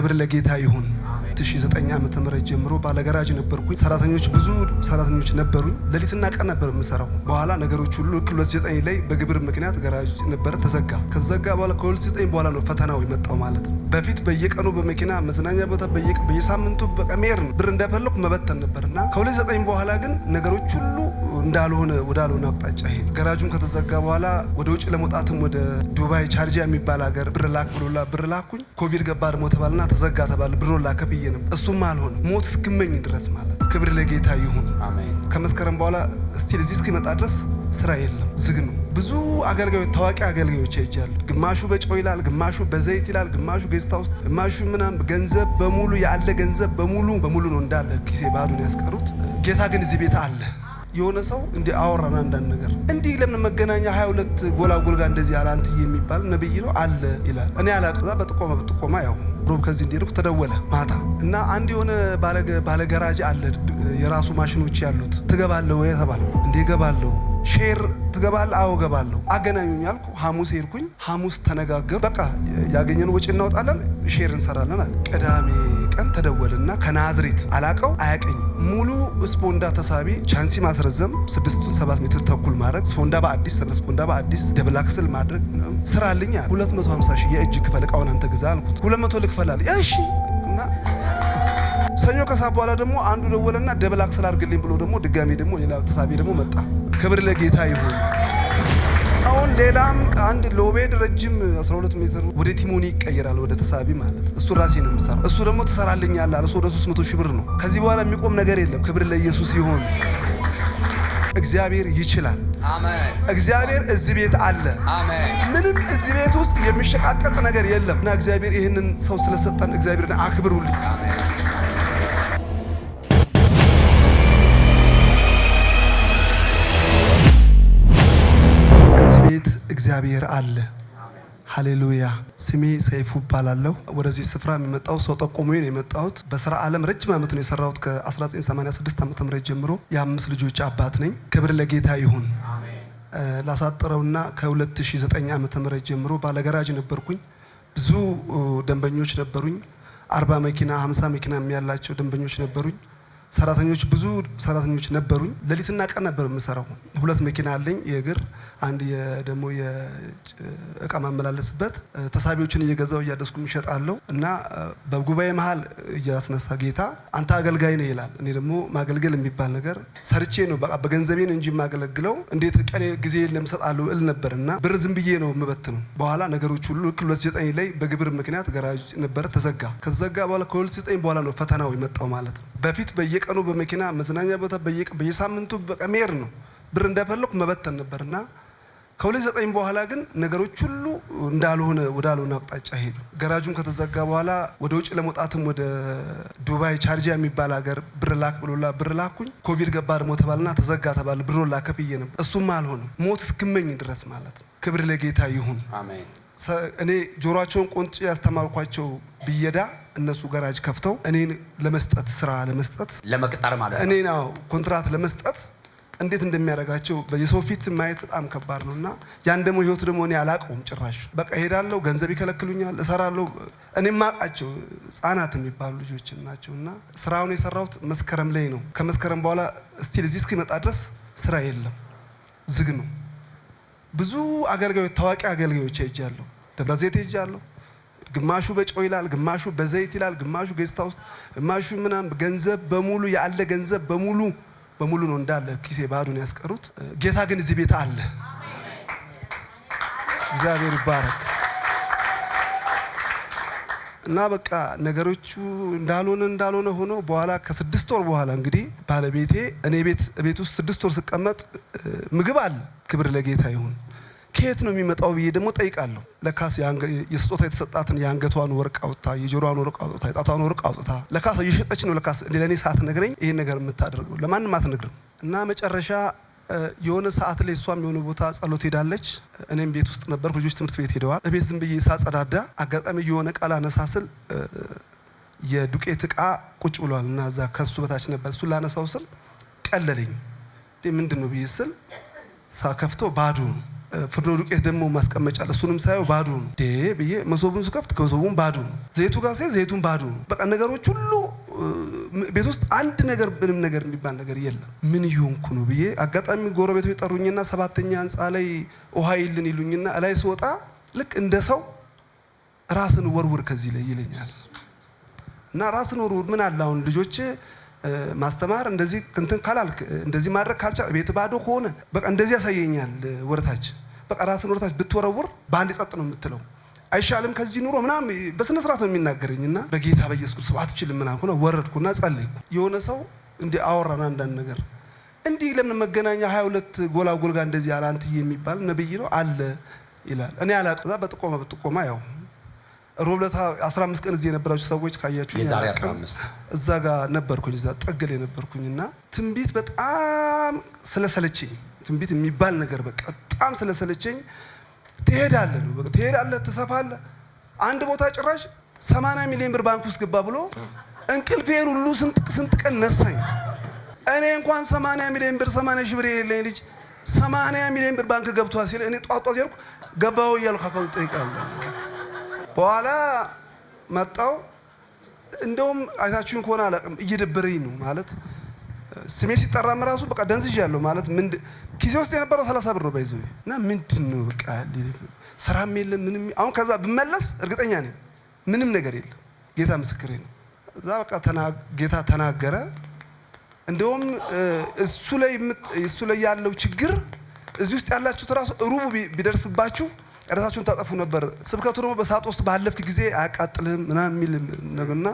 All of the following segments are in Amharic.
ክብር ለጌታ ይሁን። 2009 ዓመተ ምህረት ጀምሮ ባለገራጅ ነበርኩኝ። ሰራተኞች ብዙ ሰራተኞች ነበሩኝ። ሌሊትና ቀን ነበር የምሰራው። በኋላ ነገሮች ሁሉ ልክ 2009 ላይ በግብር ምክንያት ገራጅ ነበረ ተዘጋ። ከተዘጋ በኋላ ከ2009 በኋላ ነው ፈተናው የመጣው ማለት ነው። በፊት በየቀኑ በመኪና መዝናኛ ቦታ በየሳምንቱ በቀሜር ብር እንደፈለኩ መበተን ነበር እና ከ2009 በኋላ ግን ነገሮች ሁሉ እንዳልሆነ ወዳልሆነ አቅጣጫ ሄዱ። ገራጁም ከተዘጋ በኋላ ወደ ውጭ ለመውጣትም ወደ ዱባይ ቻርጃ የሚባል ሀገር ብር ላክ ብሎላ ብር ላኩኝ። ኮቪድ ገባ ደግሞ ተባልና ተዘጋ ተባለ ብሮላ ብዬ ነው። እሱም አልሆነም ሞት እስክመኝ ድረስ ማለት ክብር ለጌታ ይሁን። ከመስከረም በኋላ ስቲል እዚህ እስኪመጣ ድረስ ስራ የለም፣ ዝግ ነው። ብዙ አገልጋዮች ታዋቂ አገልጋዮች አይጃሉ። ግማሹ በጨው ይላል፣ ግማሹ በዘይት ይላል፣ ግማሹ ገዝታ ውስጥ፣ ግማሹ ምናም ገንዘብ በሙሉ ያለ ገንዘብ በሙሉ በሙሉ ነው እንዳለ ጊዜ ባዶን ያስቀሩት። ጌታ ግን እዚህ ቤት አለ። የሆነ ሰው እንዲህ አወራን አንዳንድ ነገር እንዲህ ለምን መገናኛ ሀያ ሁለት ጎላጎል ጋር እንደዚህ አለ አንትዬ የሚባል ነብይ ነው አለ ይላል። እኔ አላውቅም። እዛ በጥቆማ በጥቆማ ያው ሮብ ከዚህ እንዲሄድኩ ተደወለ ማታ እና አንድ የሆነ ባለገራጅ አለ የራሱ ማሽኖች ያሉት ትገባለሁ ወይ ተባለ። እንዴ እገባለሁ ሼር ትገባል? አዎ እገባለሁ። አገናኙኝ አልኩ። ሐሙስ ሄድኩኝ። ሐሙስ ተነጋገር። በቃ ያገኘን ወጪ እናወጣለን፣ ሼር እንሰራለን አለ። ቅዳሜ ቀን ተደወልና ከናዝሬት አላቀው አያቀኝ ሙሉ ስፖንዳ ተሳቢ ቻንሲ ማስረዘም ስድስቱን ሰባት ሜትር ተኩል ማድረግ ስፖንዳ በአዲስ ሰብለ ስፖንዳ በአዲስ ደብላክስል ማድረግ ስራ አለኝ አለ። 250 ሺህ የእጅ ክፈል እቃውን አንተ ግዛ አልኩት። 200 ልክፈል አለ። እሺ እና ሰኞ ከሰዓት በኋላ ደግሞ አንዱ ደወለና ደብላክስል አድርግልኝ ብሎ ደግሞ ድጋሜ ደግሞ ሌላ ተሳቢ ደግሞ መጣ። ክብር ለጌታ ይሁን። አሁን ሌላም አንድ ሎቤድ ረጅም 12 ሜትር ወደ ቲሞኒ ይቀየራል፣ ወደ ተሳቢ ማለት እሱ ራሴ ነው የምሰራ። እሱ ደግሞ ትሰራልኛል አለ። እሱ ወደ 300 ሺህ ብር ነው። ከዚህ በኋላ የሚቆም ነገር የለም። ክብር ለኢየሱስ ይሆን። እግዚአብሔር ይችላል። እግዚአብሔር እዚህ ቤት አለ። ምንም እዚህ ቤት ውስጥ የሚሸቃቀጥ ነገር የለም እና እግዚአብሔር ይህንን ሰው ስለሰጠን እግዚአብሔርን አክብሩልኝ። እግዚአብሔር አለ። ሀሌሉያ። ስሜ ሰይፉ እባላለሁ። ወደዚህ ስፍራ የሚመጣው ሰው ጠቆሙ ነው የመጣሁት። በስራ ዓለም ረጅም ዓመት ነው የሰራሁት ከ1986 ዓ ም ጀምሮ የአምስት ልጆች አባት ነኝ። ክብር ለጌታ ይሁን። ላሳጥረውና ከ2009 ዓ ም ጀምሮ ባለገራጅ ነበርኩኝ። ብዙ ደንበኞች ነበሩኝ። አርባ መኪና፣ ሀምሳ መኪና ያላቸው ደንበኞች ነበሩኝ። ሰራተኞች ብዙ ሰራተኞች ነበሩኝ። ሌሊትና ቀን ነበር የምሰራው። ሁለት መኪና አለኝ፣ የእግር አንድ ደግሞ የእቃ ማመላለስበት። ተሳቢዎችን እየገዛው እያደስኩ እሸጣለሁ እና በጉባኤ መሀል እያስነሳ ጌታ አንተ አገልጋይ ነህ ይላል። እኔ ደግሞ ማገልገል የሚባል ነገር ሰርቼ ነው ነው እንጂ የማገለግለው እንዴት ቀኔ ጊዜ ለምሰጣለሁ እል ነበር እና ብር ዝም ብዬ ነው የምበት ነው። በኋላ ነገሮች ሁሉ ልክ 2009 ላይ በግብር ምክንያት ገራጅ ነበረ ተዘጋ። ከተዘጋ በኋላ ከ2009 በኋላ ነው ፈተናው የመጣው ማለት ነው። በፊት በየቀኑ በመኪና መዝናኛ ቦታ በየሳምንቱ በቀሜር ነው። ብር እንደፈለኩ መበተን ነበር እና ከሁለት ዘጠኝ በኋላ ግን ነገሮች ሁሉ እንዳልሆነ ወዳልሆነ አቅጣጫ ሄዱ። ገራጁም ከተዘጋ በኋላ ወደ ውጭ ለመውጣትም ወደ ዱባይ ቻርጃ የሚባል ሀገር ብር ላክ ብሎላ ብር ላኩኝ። ኮቪድ ገባ ደግሞ ተባልና ተዘጋ ተባለ። ብሮ ላከፍዬ ነበር እሱም አልሆነም። ሞት እስክመኝ ድረስ ማለት ነው። ክብር ለጌታ ይሁን። እኔ ጆሮቸውን ቆንጭ ያስተማርኳቸው ብየዳ እነሱ ገራጅ ከፍተው እኔን ለመስጠት ስራ ለመስጠት ለመቅጠር ማለት ነው እኔን ኮንትራት ለመስጠት እንዴት እንደሚያደርጋቸው የሰው ፊት ማየት በጣም ከባድ ነው እና ያን ደግሞ ህይወት ደግሞ እኔ አላቀውም ጭራሽ። በቃ ሄዳለሁ፣ ገንዘብ ይከለክሉኛል፣ እሰራለሁ። እኔ ማቃቸው ህጻናት የሚባሉ ልጆች ናቸው እና ስራውን የሰራሁት መስከረም ላይ ነው። ከመስከረም በኋላ ስቲል እዚህ እስኪመጣ ድረስ ስራ የለም፣ ዝግ ነው። ብዙ አገልጋዮች ታዋቂ አገልጋዮች ሄጃለሁ፣ ደብረዘት ሄጃለሁ፣ ግማሹ በጨው ይላል፣ ግማሹ በዘይት ይላል፣ ግማሹ ጌስታ ውስጥ፣ ግማሹ ምናምን ገንዘብ በሙሉ ያለ ገንዘብ በሙሉ በሙሉ ነው እንዳለ ኪሴ ባዶን ያስቀሩት። ጌታ ግን እዚህ ቤት አለ። እግዚአብሔር ይባረክ እና በቃ ነገሮቹ እንዳልሆነ እንዳልሆነ ሆኖ በኋላ ከስድስት ወር በኋላ እንግዲህ ባለቤቴ እኔ ቤት ቤት ውስጥ ስድስት ወር ስቀመጥ ምግብ አለ። ክብር ለጌታ ይሁን። ከየት ነው የሚመጣው ብዬ ደግሞ ጠይቃለሁ። ለካስ የስጦታ የተሰጣትን የአንገቷን ወርቅ አውጥታ፣ የጆሮዋን ወርቅ አውጥታ፣ የጣቷን ወርቅ አውጥታ ለካስ እየሸጠች ነው። ለካስ ለእኔ ሰዓት ነግረኝ ነገር የምታደርገው ለማንም አትነግርም። እና መጨረሻ የሆነ ሰዓት ላይ እሷም የሆነ ቦታ ጸሎት ሄዳለች። እኔም ቤት ውስጥ ነበርኩ። ልጆች ትምህርት ቤት ሄደዋል። ቤት ዝም ብዬ ሳጸዳዳ አጋጣሚ የሆነ ቃል አነሳስል የዱቄት እቃ ቁጭ ብሏል እና እዛ ከሱ በታች ነበር። እሱ ላነሳው ስል ቀለለኝ። ምንድን ነው ብዬ ስል ሳከፍተው ባዶ ነው። ፍርዶ ዱቄት ደግሞ ማስቀመጫ እሱንም ሳየው ባዶ ነው ብዬ መሶቡን ስከፍት ከመሶቡን ባዶ ነው። ዘይቱ ጋር ሳይ ዘይቱን ባዶ ነው። በቃ ነገሮች ሁሉ ቤት ውስጥ አንድ ነገር ምንም ነገር የሚባል ነገር የለም። ምን እየሆንኩ ነው ብዬ አጋጣሚ ጎረቤቶች ጠሩኝና ሰባተኛ ህንፃ ላይ ውሃ ይልን ይሉኝና እላይ ስወጣ ልክ እንደ ሰው ራስን ወርውር ከዚህ ላይ ይለኛል እና ራስን ወርውር ምን አለ አሁን ልጆች ማስተማር እንደዚህ እንትን ካላልክ እንደዚህ ማድረግ ካልቻ ቤት ባዶ ከሆነ በቃ እንደዚህ ያሳየኛል። ወረታች በቃ ራስን ወረታች ብትወረውር በአንድ ጸጥ ነው የምትለው። አይሻልም ከዚህ ኑሮ ምናምን በስነ ስርዓት ነው የሚናገረኝ እና በጌታ በኢየሱስ ክርስቶስ አትችልም ምናም ሆነ ወረድኩና ጸለይኩ። የሆነ ሰው እንዲህ አወራን አንዳንድ ነገር እንዲህ ለምን መገናኛ ሀያ ሁለት ጎላጎል ጋር እንደዚህ አለ የሚባል ነብይ ነው አለ ይላል። እኔ አላውቅም። እዛ በጥቆማ በጥቆማ ያው ሮብለታ 15 ቀን እዚህ የነበራችሁ ሰዎች ካያችሁ እዛ ጋር ነበርኩኝ፣ እዛ ጠገል የነበርኩኝ እና ትንቢት በጣም ስለሰለቸኝ ትንቢት የሚባል ነገር በቃ በጣም ስለሰለቸኝ ትሄዳለህ ነው በቃ ትሄዳለህ፣ ትሰፋለህ። አንድ ቦታ ጭራሽ 80 ሚሊዮን ብር ባንክ ውስጥ ግባ ብሎ እንቅልፌን ሁሉ ስንት ቀን ነሳኝ። እኔ እንኳን 80 ሚሊዮን ብር 80 ሺህ ብር የሌለኝ ልጅ 80 ሚሊዮን ብር ባንክ ገብቷል ሲል እኔ ጧጧ ሲልኩ ገባው እያልኩ አካውንት ጠይቃለሁ በኋላ መጣው። እንደውም አይታችሁኝ ከሆነ አላውቅም፣ እየደበረኝ ነው ማለት ስሜ ሲጠራም ራሱ በቃ ደንዝዣ ያለው ማለት ኪሴ ውስጥ የነበረው ሰላሳ ብር ነው ባይዘ እና ምንድን ነው በቃ ስራም የለም ምንም። አሁን ከዛ ብመለስ እርግጠኛ ነኝ ምንም ነገር የለም። ጌታ ምስክሬ ነው። እዛ በቃ ጌታ ተናገረ። እንደውም እሱ ላይ ያለው ችግር እዚህ ውስጥ ያላችሁት ራሱ ሩቡ ቢደርስባችሁ ራሳችሁን ታጠፉ ነበር። ስብከቱ ደግሞ በሳጥ ውስጥ ባለፍክ ጊዜ አያቃጥልህም ምናምን የሚል ነገርና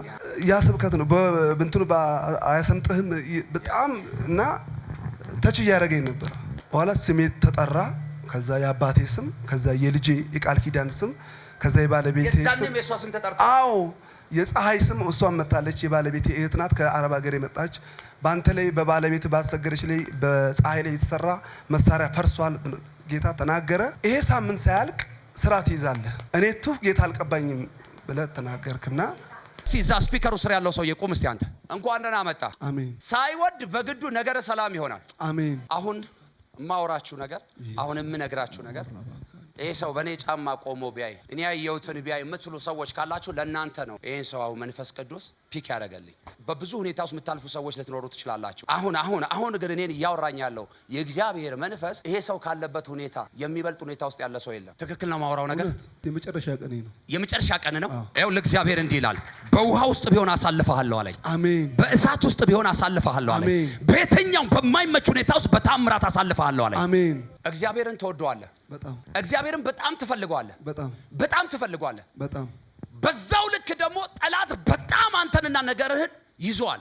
ያ ስብከት ነው በብንትኑ አያሰምጥህም በጣም እና ተች እያደረገኝ ነበር። በኋላ ስሜ ተጠራ። ከዛ የአባቴ ስም፣ ከዛ የልጄ የቃል ኪዳን ስም፣ ከዛ የባለቤቴ ስም። አዎ የፀሐይ ስም እሷን መታለች። የባለቤቴ እህት ናት፣ ከአረብ ሀገር የመጣች በአንተ ላይ በባለቤት ባሰገረች ላይ በፀሐይ ላይ የተሰራ መሳሪያ ፈርሷል ጌታ ተናገረ። ይሄ ሳምንት ሳያልቅ ስራ ትይዛለህ። እኔ ቱ ጌታ አልቀባኝም ብለህ ተናገርክና እዛ ስፒከሩ ስር ያለው ሰውዬ ቁም እስቲ አንተ እንኳን ደህና መጣ። አሜን። ሳይወድ በግዱ ነገር ሰላም ይሆናል። አሜን። አሁን የማወራችሁ ነገር አሁን የምነግራችሁ ነገር ይህ ሰው በእኔ ጫማ ቆሞ ቢያይ እኔ ያየሁትን ቢያይ የምትሉ ሰዎች ካላችሁ ለእናንተ ነው። ይህን ሰው አሁን መንፈስ ቅዱስ ፒክ ያደረገልኝ። በብዙ ሁኔታ ውስጥ የምታልፉ ሰዎች ልትኖሩ ትችላላችሁ። አሁን አሁን አሁን ግን እኔን እያወራኝ ያለው የእግዚአብሔር መንፈስ ይሄ ሰው ካለበት ሁኔታ የሚበልጥ ሁኔታ ውስጥ ያለ ሰው የለም። ትክክል ነው ማውራው ነገር የመጨረሻ ቀን ነው፣ የመጨረሻ ቀን ነው። ያው ለእግዚአብሔር እንዲህ ይላል፣ በውሃ ውስጥ ቢሆን አሳልፈሃለሁ አለኝ። አሜን። በእሳት ውስጥ ቢሆን አሳልፈሃለሁ አለኝ። በየትኛውም በማይመች ሁኔታ ውስጥ በታምራት አሳልፈሃለሁ አለኝ። አሜን። እግዚአብሔርን ትወደዋለህ፣ በጣም እግዚአብሔርን በጣም ትፈልገዋለህ፣ በጣም በጣም ትፈልገዋለህ፣ በጣም በዛው ልክ ደግሞ ጠላት በጣም አንተንና ነገርህን ይዟል።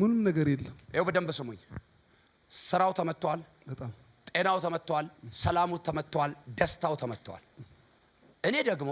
ምንም ነገር የለም። ይኸው በደንብ ስሙኝ። ስራው ተመቷል፣ በጣም ጤናው ተመቷል፣ ሰላሙ ተመቷል፣ ደስታው ተመቷል። እኔ ደግሞ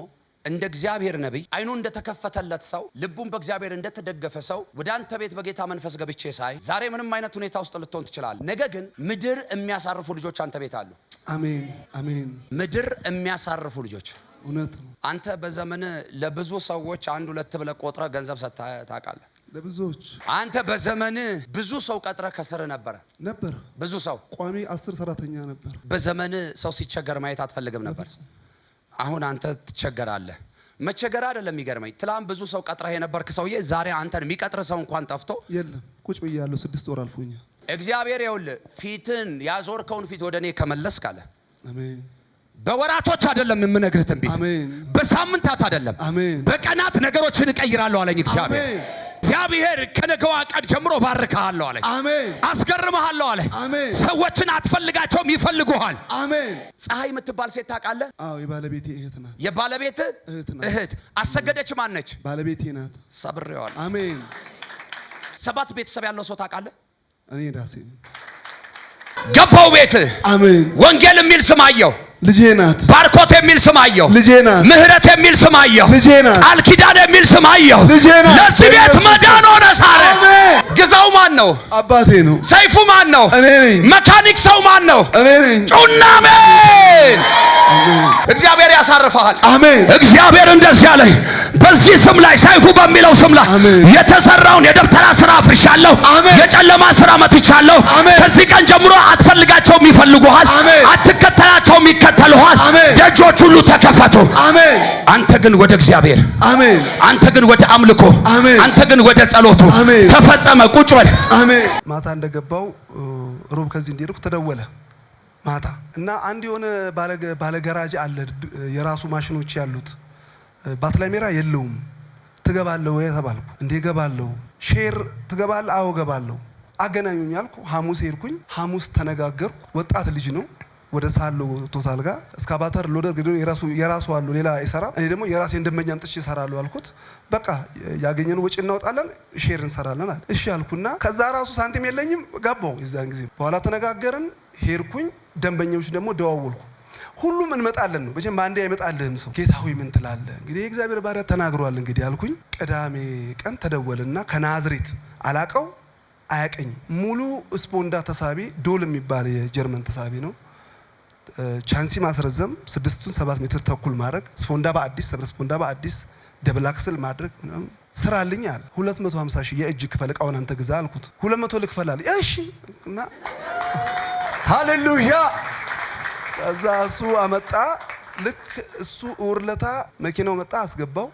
እንደ እግዚአብሔር ነቢይ አይኑ እንደተከፈተለት ሰው ልቡን በእግዚአብሔር እንደተደገፈ ሰው ወደ አንተ ቤት በጌታ መንፈስ ገብቼ ሳይ ዛሬ ምንም አይነት ሁኔታ ውስጥ ልትሆን ትችላለህ። ነገ ግን ምድር የሚያሳርፉ ልጆች አንተ ቤት አሉ። አሜን አሜን። ምድር የሚያሳርፉ ልጆች እውነት ነው። አንተ በዘመን ለብዙ ሰዎች አንድ ሁለት ብለህ ቆጥረህ ገንዘብ ሰጥተህ ታውቃለህ። ለብዙዎች አንተ በዘመን ብዙ ሰው ቀጥረ ከስር ነበረ ነበር። ብዙ ሰው ቋሚ አስር ሰራተኛ ነበር። በዘመን ሰው ሲቸገር ማየት አትፈልግም ነበር። አሁን አንተ ትቸገራለህ። መቸገር አይደለም የሚገርመኝ፣ ትላንት ብዙ ሰው ቀጥረህ የነበርክ ሰውዬ ዛሬ አንተን የሚቀጥር ሰው እንኳን ጠፍቶ የለም። ቁጭ ብያለሁ፣ ስድስት ወር አልፎኛል። እግዚአብሔር ይኸውልህ ፊትን ያዞርከውን ፊት ወደ እኔ ከመለስክ አለ በወራቶች አይደለም የምነግርህ ትንቢት፣ በሳምንታት አይደለም፣ በቀናት ነገሮችን እቀይራለሁ አለኝ እግዚአብሔር። እግዚአብሔር ከነገዋ ቀን ጀምሮ ባርካሃለሁ አለኝ። አስገርመሃለሁ አለኝ። ሰዎችን አትፈልጋቸውም፣ ይፈልጉሃል። አሜን። ፀሐይ የምትባል ሴት ታውቃለህ? አዎ፣ የባለቤቴ እህት ናት። የባለቤት እህት ናት። እህት አሰገደች። ማን ነች? ባለቤቴ ናት። ሰብሬዋለሁ። አሜን። ሰባት ቤተሰብ ያለው ሰው ታውቃለህ? እኔ ራሴ ነኝ። ገባው ቤት አሜን። ወንጌል የሚል ስም አየው ልጄ ናት። ባርኮት የሚል ስም አየው ልጄ ናት። ምህረት የሚል ስም አየሁ ልጄ ናት። ቃል ኪዳን የሚል ስም አየው ልጄ ናት። ለዚህ ቤት መዳን ሆነ ሳረ። ግዛው ማን ነው? አባቴ ነው። ሰይፉ ማን ነው? እኔ ነኝ። መካኒክ ሰው ማን ነው? እኔ ነኝ። ጩና አሜን እግዚአብሔር ያሳርፈሃል። አሜን። እግዚአብሔር እንደዚህ ያለ በዚህ ስም ላይ ሰይፉ በሚለው ስም ላይ የተሰራውን የደብተራ ስራ አፍርሻለሁ። የጨለማ ስራ መትቻለሁ። ከዚህ ቀን ጀምሮ አትፈልጋቸውም፣ ይፈልጉሃል። አትከተላቸውም፣ ይከተሉሃል። ደጆች ሁሉ ተከፈቱ። አሜን። አንተ ግን ወደ እግዚአብሔር፣ አሜን። አንተ ግን ወደ አምልኮ፣ አሜን። አንተ ግን ወደ ጸሎቱ ተፈጸመ። ቁጭ በል። አሜን። ማታ እንደገባው ሮብ ከዚህ እንዲሄድኩ ተደወለ። ማታ እና አንድ የሆነ ባለገራጅ አለ የራሱ ማሽኖች ያሉት ባትላሜራ የለውም። ትገባለሁ ወይ ተባልኩ። እንዴ ገባለሁ። ሼር ትገባል? አዎ ገባለሁ። አገናኙኝ አልኩ። ሐሙስ ሄድኩኝ። ሐሙስ ተነጋገርኩ። ወጣት ልጅ ነው ወደ ሳሎ ቶታል ጋር እስካባተር ሎደር ግዶ የራሱ የራሱ አለው ሌላ ይሰራ። እኔ ደግሞ የራሴ እንደመኛ አምጥቼ እሰራለሁ አልኩት። በቃ ያገኘን ወጪ እናወጣለን፣ ሼር እንሰራለን አለ። እሺ አልኩና ከዛ ራሱ ሳንቲም የለኝም ገባው። የዛን ጊዜ በኋላ ተነጋገርን፣ ሄድኩኝ። ደንበኞች ደግሞ ደዋወልኩ። ሁሉም እንመጣለን ነው መቼም አንዴ አይመጣልህም ሰው። ጌታ ሆይ ምን ትላለህ? እንግዲህ የእግዚአብሔር ባሪያ ተናግሯል እንግዲህ አልኩኝ። ቅዳሜ ቀን ተደወልና ከናዝሬት አላቀው አያቀኝ ሙሉ ስፖንዳ ተሳቢ ዶል የሚባል የጀርመን ተሳቢ ነው ቻንሲ ማስረዘም፣ ስድስቱን ሰባት ሜትር ተኩል ማድረግ፣ ስፖንዳ በአዲስ ሰብረ ስፖንዳ በአዲስ ደብላክስል ማድረግ ስራ ልኝ አለ። 250 ሺህ የእጅ ክፈል እቃውን አንተ ግዛ አልኩት። 200 ልክፈል አለ። እሺ እና ሃሌሉያ። ከዛ እሱ አመጣ። ልክ እሱ ውርለታ መኪናው መጣ አስገባው።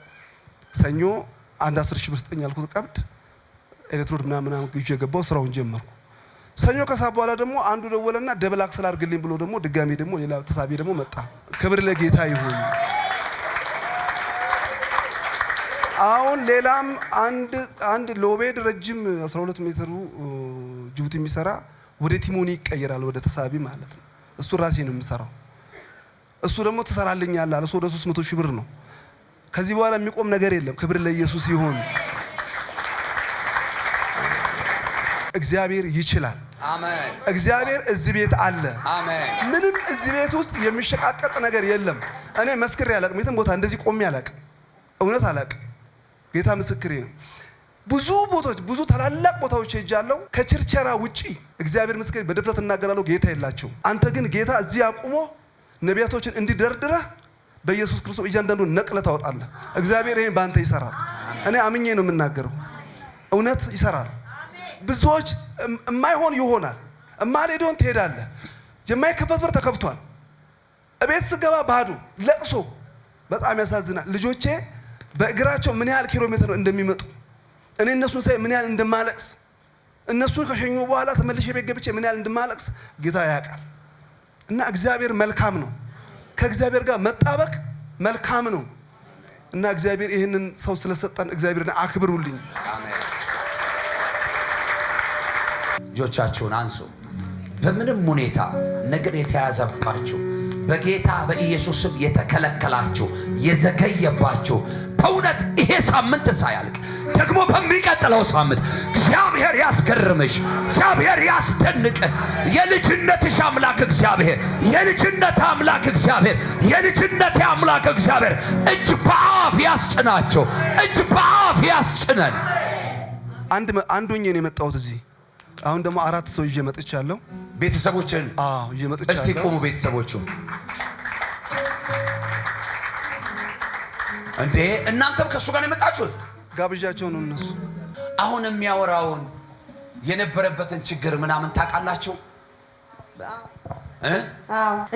ሰኞ አንድ 10 ሺህ ብር ስጠኝ አልኩት። ቀብድ ኤሌክትሮድ ምናምን ግዢ የገባው ስራውን ጀመርኩ። ሰኞ ከሰዓት በኋላ ደግሞ አንዱ ደወለና ደብል አክሰል አድርግልኝ ብሎ ደግሞ ድጋሜ ደግሞ ሌላ ተሳቢ ደግሞ መጣ። ክብር ለጌታ ይሁን። አሁን ሌላም አንድ አንድ ሎቤድ ረጅም 12 ሜትሩ ጅቡቲ የሚሰራ ወደ ቲሞኒ ይቀየራል፣ ወደ ተሳቢ ማለት ነው። እሱ ራሴ ነው የምሰራው። እሱ ደግሞ ትሰራልኛለህ አለ። እሱ ወደ 300 ሺህ ብር ነው። ከዚህ በኋላ የሚቆም ነገር የለም። ክብር ለኢየሱስ ይሁን። እግዚአብሔር ይችላል። እግዚአብሔር እዚህ ቤት አለ። ምንም እዚህ ቤት ውስጥ የሚሸቃቀጥ ነገር የለም። እኔ መስክሬ አላቅም። የትም ቦታ እንደዚህ ቆሜ አላቅም። እውነት አላቅም። ጌታ ምስክሬ ነው። ብዙ ቦታዎች ብዙ ታላላቅ ቦታዎች ሄጃለሁ። ከችርቸራ ውጪ እግዚአብሔር ምስክሬ በድፍረት እናገራለሁ። ጌታ የላቸው። አንተ ግን ጌታ እዚህ አቁሞ ነቢያቶችን እንዲደርድረህ በኢየሱስ ክርስቶስ እያንዳንዱ ነቅለ ታወጣለህ። እግዚአብሔር ይሄን በአንተ ይሰራል። እኔ አምኜ ነው የምናገረው። እውነት ይሰራል። ብዙዎች የማይሆን ይሆናል። እማልሄደውን ትሄዳለህ። የማይከፈት በር ተከፍቷል። እቤት ስገባ ባዶ ለቅሶ፣ በጣም ያሳዝናል። ልጆቼ በእግራቸው ምን ያህል ኪሎ ሜትር እንደሚመጡ እኔ እነሱን ሳይ ምን ያህል እንደማለቅስ እነሱን ከሸኙ በኋላ ተመልሼ ቤት ገብቼ ምን ያህል እንደማለቅስ ጌታ ያውቃል። እና እግዚአብሔር መልካም ነው። ከእግዚአብሔር ጋር መጣበቅ መልካም ነው። እና እግዚአብሔር ይህንን ሰው ስለሰጠን እግዚአብሔርን አክብሩልኝ። እጆቻችሁን አንሱ። በምንም ሁኔታ ነገር የተያዘባችሁ በጌታ በኢየሱስም የተከለከላችሁ የዘገየባችሁ በእውነት ይሄ ሳምንት ሳያልቅ ደግሞ በሚቀጥለው ሳምንት እግዚአብሔር ያስገርምሽ፣ እግዚአብሔር ያስደንቅ። የልጅነትሽ አምላክ እግዚአብሔር፣ የልጅነት አምላክ እግዚአብሔር፣ የልጅነት አምላክ እግዚአብሔር እጅ በአፍ ያስጭናቸው፣ እጅ በአፍ ያስጭነን። አንዱኝን የመጣሁት እዚህ አሁን ደግሞ አራት ሰው ይዤ መጥቻለሁ። ቤተሰቦችን አዎ ይዤ መጥቻለሁ። እስቲ ቁሙ ቤተሰቦቹ። እንዴ እናንተም ከእሱ ጋር የመጣችሁት ጋብዣቸው ነው። እነሱ አሁን የሚያወራውን የነበረበትን ችግር ምናምን ታውቃላችሁ።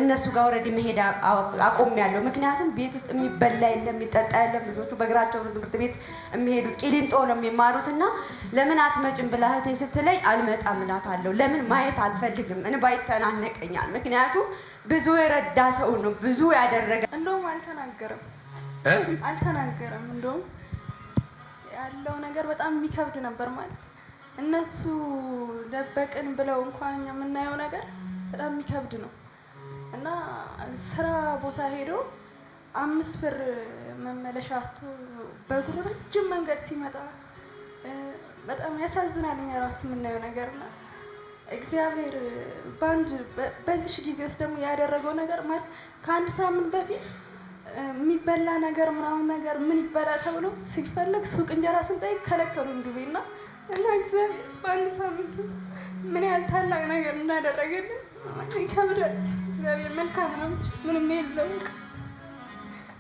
እነሱ ጋር ወረድ መሄድ አቆም ያለው ምክንያቱም ቤት ውስጥ የሚበላ የለም የሚጠጣ የለም። ልጆቹ በእግራቸው ትምህርት ቤት የሚሄዱት ቂሊንጦ ነው የሚማሩት እና ለምን አትመጭም ብላ እህቴ ስትለኝ አልመጣም እላታለሁ። ለምን ማየት አልፈልግም፣ እንባ ይተናነቀኛል። ምክንያቱም ብዙ የረዳ ሰው ነው ብዙ ያደረገ። እንደውም አልተናገረም አልተናገረም። እንደውም ያለው ነገር በጣም የሚከብድ ነበር ማለት እነሱ ደበቅን ብለው እንኳን የምናየው ነገር በጣም የሚከብድ ነው እና ስራ ቦታ ሄዶ አምስት ብር መመለሻ አቶ በእግሩ ረጅም መንገድ ሲመጣ በጣም ያሳዝናል። እኛ ራሱ የምናየው ነገር እና እግዚአብሔር በአንድ በዚሽ ጊዜ ውስጥ ደግሞ ያደረገው ነገር ማለት ከአንድ ሳምንት በፊት የሚበላ ነገር ምናምን ነገር ምን ይበላ ተብሎ ሲፈለግ ሱቅ እንጀራ ስንጠይቅ ከለከሉን እንዱቤ እና እና እግዚአብሔር በአንድ ሳምንት ውስጥ ምን ያህል ታላቅ ነገር እንዳደረገልን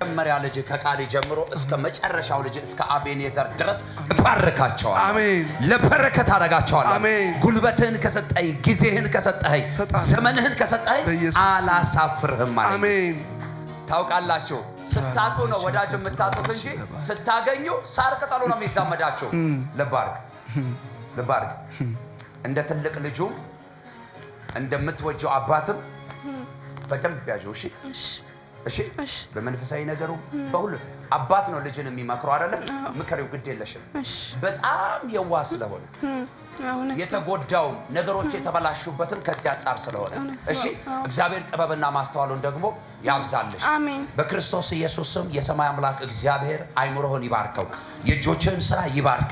መጀመሪያ ልጅ ከቃሊ ጀምሮ እስከ መጨረሻው ልጅ እስከ አቤኔዘር ድረስ እባርካቸዋለሁ። አሜን። ለበረከት አደርጋቸዋለሁ። አሜን። ጉልበትህን ከሰጠኸኝ፣ ጊዜህን ከሰጠኸኝ፣ ዘመንህን ከሰጠኸኝ አላሳፍርህም ማለት አሜን። ታውቃላችሁ ስታጡ ነው ወዳጅ የምታጡት እንጂ ስታገኙ ሳር ቅጠሉ ነው የሚዛመዳችሁ። ልባርክ ልባርክ እንደ ትልቅ ልጁ እንደምትወጀው አባትም በደንብ ያዥው። እሺ እሺ። በመንፈሳዊ ነገሩ በሁሉ አባት ነው ልጅን የሚመክረው አይደለም። ምከሪው፣ ግድ የለሽም። በጣም የዋህ ስለሆነ የተጎዳውም ነገሮች የተበላሹበትም ከዚህ አንጻር ስለሆነ፣ እሺ እግዚአብሔር ጥበብና ማስተዋሉን ደግሞ ያብዛልሽ። በክርስቶስ ኢየሱስም የሰማይ አምላክ እግዚአብሔር አይምሮህን ይባርከው፣ የእጆችህን ስራ ይባርክ፣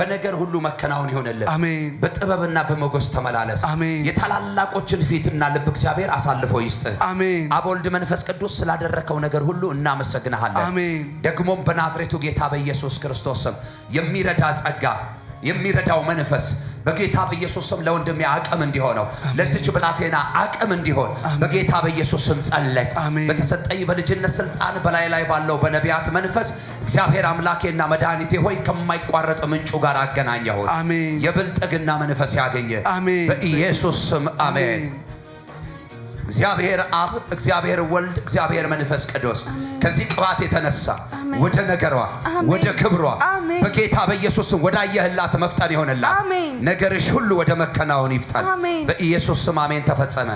በነገር ሁሉ መከናወን አሜን። በጥበብና በመጎስ ተመላለስ። የታላላቆችን ፊትና ልብ እግዚአብሔር አሳልፎ ይስጥ። አብ ወልድ መንፈስ ቅዱስ ስላደረከው ነገር ሁሉ እናመሰግናሃለን። ደግሞም በናዝሬቱ ጌታ በኢየሱስ ክርስቶስም የሚረዳ ጸጋ የሚረዳው መንፈስ በጌታ በኢየሱስ ስም ለወንድሜ አቅም እንዲሆነው ለዚች ብላቴና አቅም እንዲሆን በጌታ በኢየሱስ ስም ጸለይ። በተሰጠኝ በልጅነት ስልጣን በላይ ላይ ባለው በነቢያት መንፈስ እግዚአብሔር አምላኬና መድኃኒቴ ሆይ ከማይቋረጥ ምንጩ ጋር አገናኘሁት። የብልጥግና መንፈስ ያገኘ በኢየሱስ ስም አሜን። እግዚአብሔር አብ፣ እግዚአብሔር ወልድ፣ እግዚአብሔር መንፈስ ቅዱስ ከዚህ ቅባት የተነሳ ወደ ነገሯ፣ ወደ ክብሯ በጌታ በኢየሱስም ወደ አየህላት መፍጠን ይሆንላት። ነገርሽ ሁሉ ወደ መከናወን ይፍጠን በኢየሱስ ስም አሜን። ተፈጸመ።